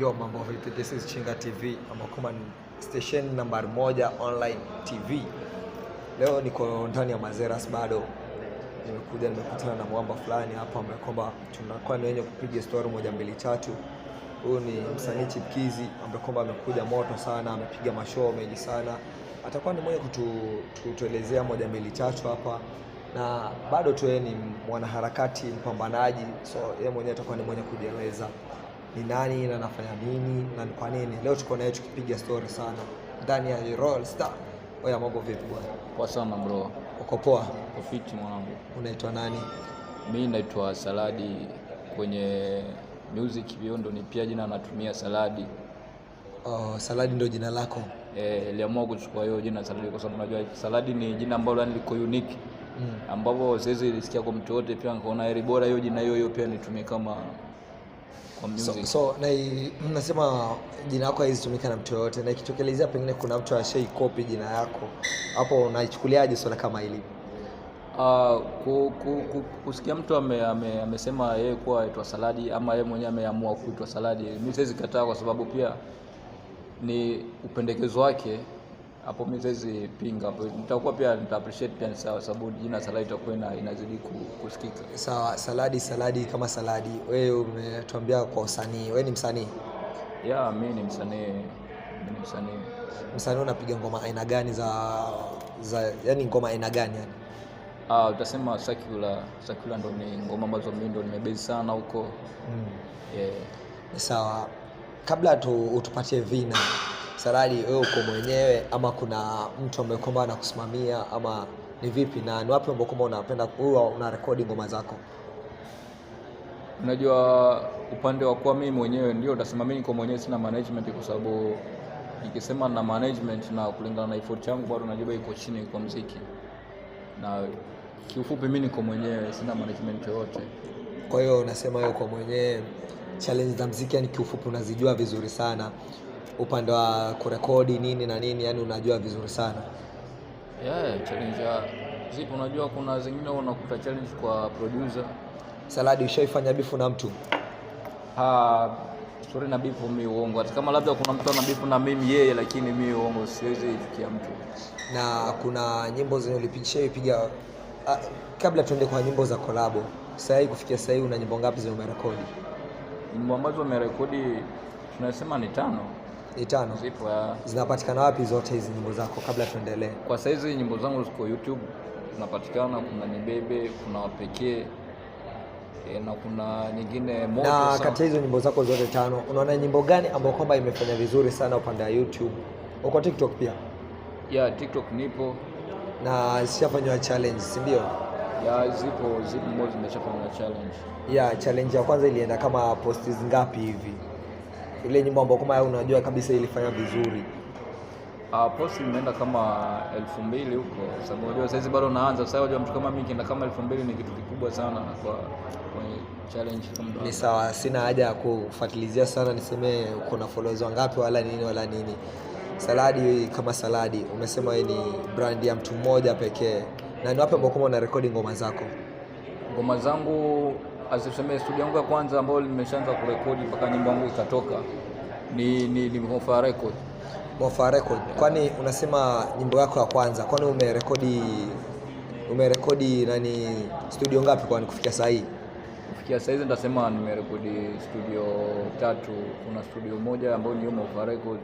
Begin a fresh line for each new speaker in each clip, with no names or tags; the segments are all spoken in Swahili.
Yo, mambo vipi? This is Chinga TV ama kama station number moja online TV. Leo niko ndani ya Mazeras bado, nimekuja nimekutana na mwamba fulani hapa ambaye kwamba tunakuwa ni wenye kupiga story moja mbili tatu. Huyu ni msanii chipkizi ambaye kwamba amekuja moto sana, amepiga mashow mengi sana, atakuwa ni mwenye kutuelezea moja mbili tatu hapa na bado tu yeye ni mwanaharakati mpambanaji, so yeye mwenyewe atakuwa ni mwenye kujieleza ni nani na nafanya nini na ni kwa nini. Leo tuko naye tukipiga story sana ndani ya Royal Star. Oya, mambo vipi bwana?
Poa sana bro. Uko poa? Uko fiti mwanangu.
Unaitwa nani?
Mimi naitwa Saladi, kwenye music Biondo ni pia jina natumia Saladi.
Oh, Saladi ndio jina lako?
Eh, niliamua kuchukua hiyo jina Saladi kwa sababu unajua Saladi ni jina ambalo yani liko unique mm, ambapo siwezi lisikia kwa mtu wote, pia nikaona heri bora hiyo jina hiyo hiyo pia nitumie kama kwa So,
so na mnasema jina lako haizitumika na mtu yoyote, na ikitokelezea pengine kuna mtu ashai kopi jina yako, hapo unaichukuliaje swala kama hili?
Uh, ku, ku, kusikia mtu ame, ame, amesema yeye kuwa aitwa Saladi ama yeye mwenyewe ameamua kuitwa Saladi, mimi siwezi kataa, kwa sababu pia ni upendekezo wake hapo mimi siwezi pinga hapo, nitakuwa pia nita appreciate pia sawa, sababu jina saladi itakuwa ina, inazidi kusikika.
Sawa, saladi saladi kama saladi. Wewe umetuambia kwa usanii, wewe ni msanii?
Yeah, mimi ni msanii, mimi ni msanii.
Msanii unapiga ngoma aina gani za za, yani ngoma aina gani yani?
Ah, utasema circular circular ndo ni ngoma ambazo mimi ndo nimebase sana huko
mm. Yeah. Sawa, kabla tu utupatie vina Sarali, wewe uko mwenyewe ama kuna mtu ambaye kwamba anakusimamia ama ni vipi na ni wapi ambao kwamba unapenda huwa una rekodi ngoma zako
unajua upande wa kuwa mimi mwenyewe ndio nasema mimi niko mwenyewe sina management kwa sababu nikisema na management na kulingana na effort yangu bado najua iko chini kwa muziki, na kiufupi mimi niko mwenyewe sina management yoyote
kwa hiyo unasema yuko mwenyewe challenge za muziki yani kiufupi unazijua vizuri sana upande wa kurekodi nini na nini, yani unajua vizuri sana
yeah, challenge zipo. Unajua kuna zingine unakuta challenge kwa producer.
Saladi, ushaifanya bifu na mtu?
Ha, Sorry, na bifu mi uongo, hata kama labda kuna mtu ana bifu na mimi yeye, lakini mi uongo, siwezi ifikia mtu.
Na kuna nyimbo zenye ulipiga ah, kabla tuende kwa nyimbo za kolabo, sasa hii kufikia sasa hii una nyimbo ngapi zenye umerekodi?
Nyimbo ambazo umerekodi tunasema ni tano. Itano. Zipo ya.
Zinapatikana wapi zote hizi nyimbo zako kabla tuendelee?
Kwa saizi nyimbo zangu ziko YouTube zinapatikana, kuna Nibebe, kuna Wapekee e, na kuna nyingine moto.
Na kati ya hizo nyimbo zako zote tano, unaona nyimbo gani ambayo kwamba imefanya vizuri sana upande wa YouTube? Uko TikTok pia?
Ya, TikTok nipo
na zishafanywa challenge, si ndio?
Ya, zipo zipo, zimeshafanywa challenge.
Ya, challenge ya kwanza ilienda kama posti ngapi hivi? ile nyimbo ambayo kama unajua kabisa ilifanya vizuri?
Uh, ah, posti imeenda kama elfu mbili huko, sababu unajua saizi bado naanza. Sasa unajua mtu kama mimi kienda kama elfu mbili ni kitu kikubwa sana kwa kwenye challenge
kama ni sawa. Sina haja ya kufuatilizia sana, niseme uko na followers wangapi wala nini wala nini. Saladi kama Saladi, umesema hii ni brand ya mtu mmoja pekee, na ni wapi ambao kama una recording ngoma zako?
Ngoma zangu asiseme studio yangu ya kwanza ambayo nimeshaanza kurekodi mpaka nyimbo yangu ikatoka ni ni, ni Mofa Record.
Mofa Record. Kwani unasema nyimbo yako ya kwanza, kwani umerekodi umerekodi nani studio ngapi kwani kufikia saa hii?
Kufikia saa hizi nitasema nimerekodi studio tatu. Kuna studio moja ambayo ni Mofa Record.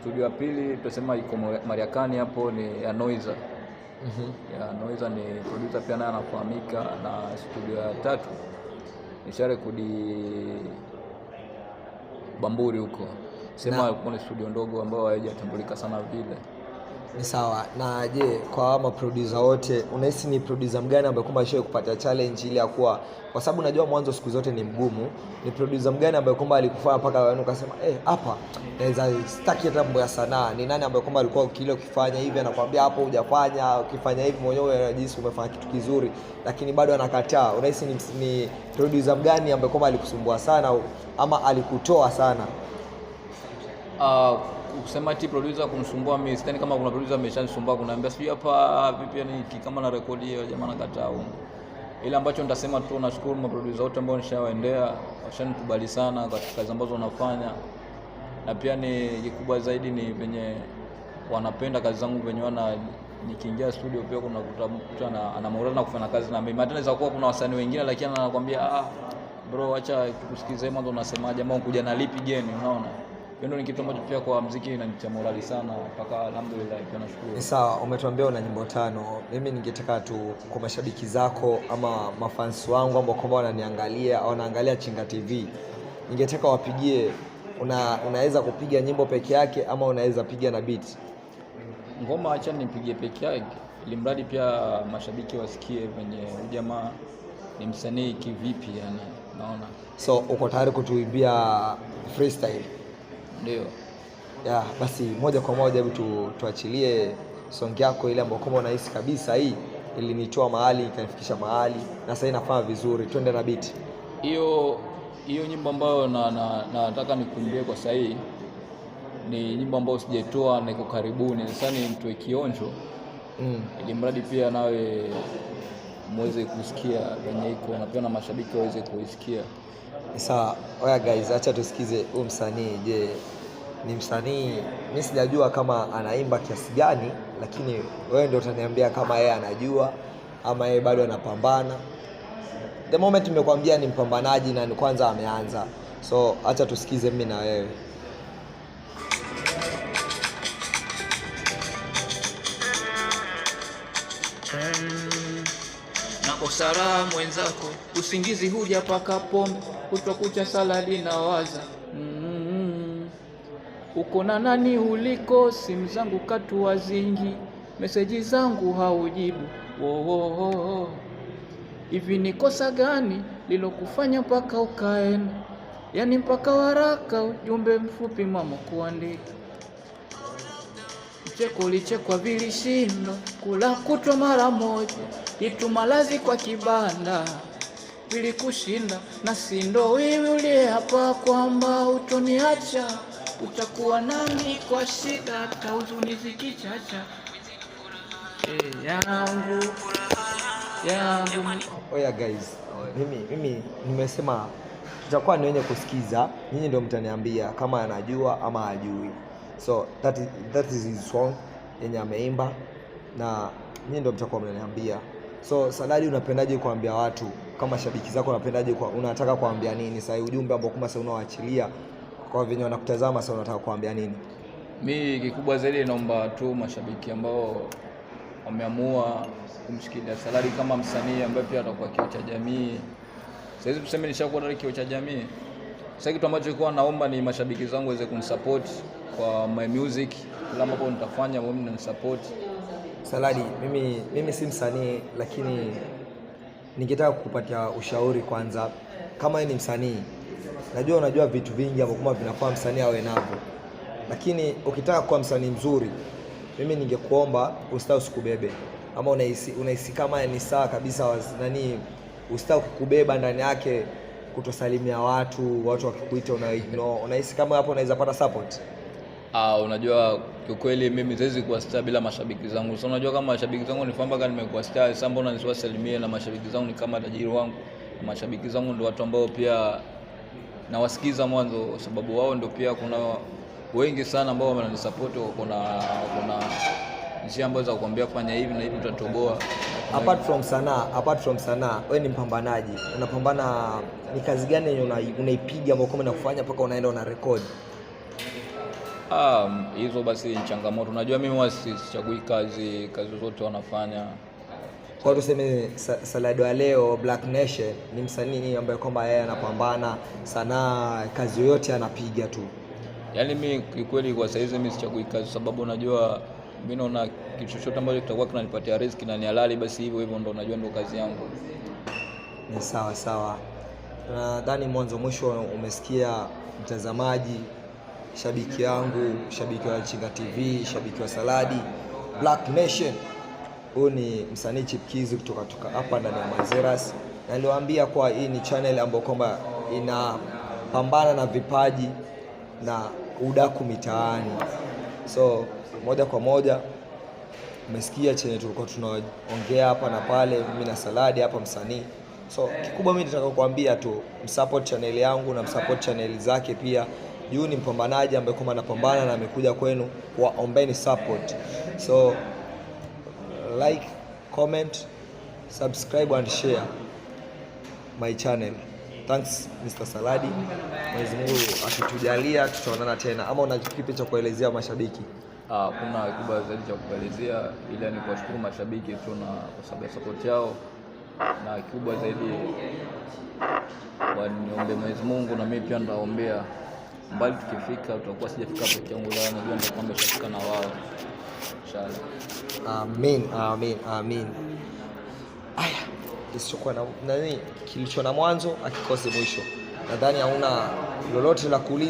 Studio ya pili tutasema iko Mariakani hapo ni ya Noiza. Mm -hmm. Ya Noiza ni producer pia naye anafahamika na studio ya tatu nishare kudi Bamburi huko sema kuna studio ndogo ambayo haijatambulika sana vile
ni sawa. Na je, kwa maproducer wote unahisi ni producer mgani ambaye kwamba alishawahi kupata challenge ile ya kuwa, kwa sababu najua mwanzo siku zote ni mgumu, ni producer mgani ambaye kwamba alikufanya mpaka wewe ukasema eh, hapa naweza staki hata mambo ya sanaa? Ni nani ambaye kwamba alikuwa kile ukifanya hivi anakuambia hapo hujafanya, ukifanya hivi mwenyewe unajisi umefanya kitu kizuri, lakini bado anakataa? Unahisi ni, ni producer mgani ambaye kwamba alikusumbua sana ama alikutoa sana?
Uh, kusema ti producer kumsumbua mimi, sitani kama kuna producer ameshanisumbua kuniambia sio hapa vipi ni kama na rekodi ya jamaa nakataa huko. Ile ambacho nitasema tu nashukuru ma producer wote ambao nishawaendea, washanikubali sana katika kazi ambazo wanafanya. Na pia ni kikubwa zaidi ni venye wanapenda kazi zangu venye wana nikiingia studio pia kuna kuta mtu ana morali na kufanya kazi na mimi. Hata naweza kuwa kuna wasanii wengine lakini anakuambia ah, bro acha tukusikize mwanzo unasemaje, ambao unakuja na lipi geni, unaona? Hiyo ni kitu ambacho pia kwa mziki inanitia morali sana mpaka alhamdulillah, pia nashukuru.
Sawa, umetuambia una nyimbo tano. Mimi ningetaka tu kwa mashabiki zako ama mafans wangu ambao kwamba wananiangalia au wanaangalia Chinga TV, ningetaka wapigie, una, unaweza kupiga nyimbo peke yake ama unaweza piga na beat
ngoma? Acha nipigie peke yake, ili mradi pia mashabiki wasikie venye ujamaa ni msanii kivipi, yani
naona. So uko tayari kutuimbia freestyle? Ndio. Ya, basi moja kwa moja hebu tuachilie song yako ile ambayo kama unahisi kabisa hii ilinitoa mahali ikanifikisha mahali na sasa inafaa vizuri, twende na beat
hiyo. Hiyo nyimbo ambayo na, na, nataka nikuimbie kwa sasa hii ni nyimbo ambayo sijaitoa na iko karibuni, sasa ni mtoe kionjo mm. ili mradi pia nawe muweze kusikia venye iko na pia na mashabiki waweze kuisikia.
Sawa, oya guys, acha tusikize huyu msanii. Je, ni msanii? Mimi sijajua kama anaimba kiasi gani, lakini wewe ndio utaniambia kama yeye anajua ama yeye bado anapambana. The moment nimekwambia ni mpambanaji na ni kwanza ameanza, so acha tusikize mimi na wewe hapo sala mwenzako, usingizi huja paka pombe, kutwa kucha saladi na waza mm -hmm. uko na nani uliko, simu zangu katu wazingi, meseji zangu haujibu wohoho, hivi ni kosa gani lilokufanya mpaka ukaenda? Yani mpaka waraka ujumbe mfupi mama kuandika cheko lichekwa vilishindo kula kutwa mara moja itu malazi kwa kibanda vilikushinda, na si ndo uliyeapa kwamba utoniacha, utakuwa nami kwa shida ta huzuni zikichacha e, yangu yangu. Oya guys, mimi mimi nimesema nitakuwa ni wenye kusikiza, nyinyi ndio mtaniambia kama anajua ama ajui So that is, that is his song yenye ameimba na nyinyi ndio mtakuwa mnaniambia. So Sadadi, unapendaje kuambia watu kama shabiki zako, unapendaje kwa, unataka kuambia nini sasa, ujumbe ambao kama sasa unaoachilia kwa venye wanakutazama sasa, unataka kuambia nini?
Mi kikubwa zaidi naomba tu mashabiki ambao wameamua kumshikilia Saladi kama msanii ambaye pia atakuwa kioo cha jamii. Saizi tuseme nishakuwa ndio kioo cha jamii. Sasa kitu ambacho nilikuwa naomba ni mashabiki zangu waweze kunisupport kwa my music, kila ambapo nitafanya wao mnanisupport
Saladi, mimi, mimi si msanii lakini ningetaka kukupatia ushauri kwanza. Kama ni msanii, najua unajua vitu vingi hapo kama vinafaa msanii awe navyo, lakini ukitaka kuwa msanii mzuri, mimi ningekuomba usta usikubebe, ama unahisi unahisi kama ni sawa kabisa nani ustaa kukubeba ndani yake, kutosalimia watu, watu wakikuita una ignore, unahisi kama hapo unaweza pata support
Ah, unajua kiukweli mimi siwezi kuwa star bila mashabiki zangu. So unajua kama mashabiki zangu ni famba kama nimekuwa star, sasa mbona nisiwasalimie na mashabiki zangu ni kama tajiri wangu. Na mashabiki zangu ndio watu ambao pia nawasikiza mwanzo sababu wao ndio pia kuna wengi sana ambao wananisupport, kuna kuna njia ambazo za kukwambia fanya hivi na hivi utatoboa.
Apart from sanaa, apart from sanaa, wewe ni mpambanaji. Unapambana, ni kazi gani yenye unaipiga ambayo kama unakufanya mpaka unaenda una record?
Ah, hizo basi ni changamoto. Najua mimi sichagui kazi, kazi zote wanafanya
kwa tuseme Salado ya leo Black Nation ni msanii ambaye kwamba yeye anapambana sanaa, kazi yoyote anapiga tu.
Yaani mimi kikweli, kwa saizi mimi sichagui kazi, sababu najua mimi naona kitu chochote ambacho kitakuwa kinanipatia riziki na ni halali, basi hivyo hivyo ndo najua ndio kazi yangu.
Ni sawa sawa, nadhani mwanzo mwisho umesikia mtazamaji shabiki yangu, shabiki wa Chinga TV, shabiki wa Saladi Black Nation. Huyu ni msanii chipkizi kutoka toka hapa ndani ya Mazeras, na niliwaambia kwa hii ni channel ambayo kwamba inapambana na vipaji na udaku mitaani. So moja kwa moja umesikia chenye tulikuwa tunaongea hapa na pale, mimi na Saladi hapa msanii. So kikubwa mimi nataka kukuambia tu msupport channel yangu na msupport channel zake pia juu ni mpambanaji ambaye kwamba anapambana na amekuja kwenu waombeni support. So like, comment, subscribe and share my channel. Thanks Mr. Saladi. Mwenyezi Mungu akitujalia tutaonana tena, ama una kipi cha kuelezea mashabiki?
Ah, kuna kikubwa zaidi cha kuelezea ila ni kuwashukuru mashabiki tu na kwa sababu ya support yao, na kikubwa zaidi waniombe Mwenyezi Mungu na mimi pia nitaombea mbali tukifika, tutakuwa sijafika peke yangu, la najua ndio kwamba tutafika na wao inshallah.
amen amen amen Aya, isichokuwa na nani, kilicho na mwanzo akikose mwisho. Nadhani hauna lolote la kuuliza.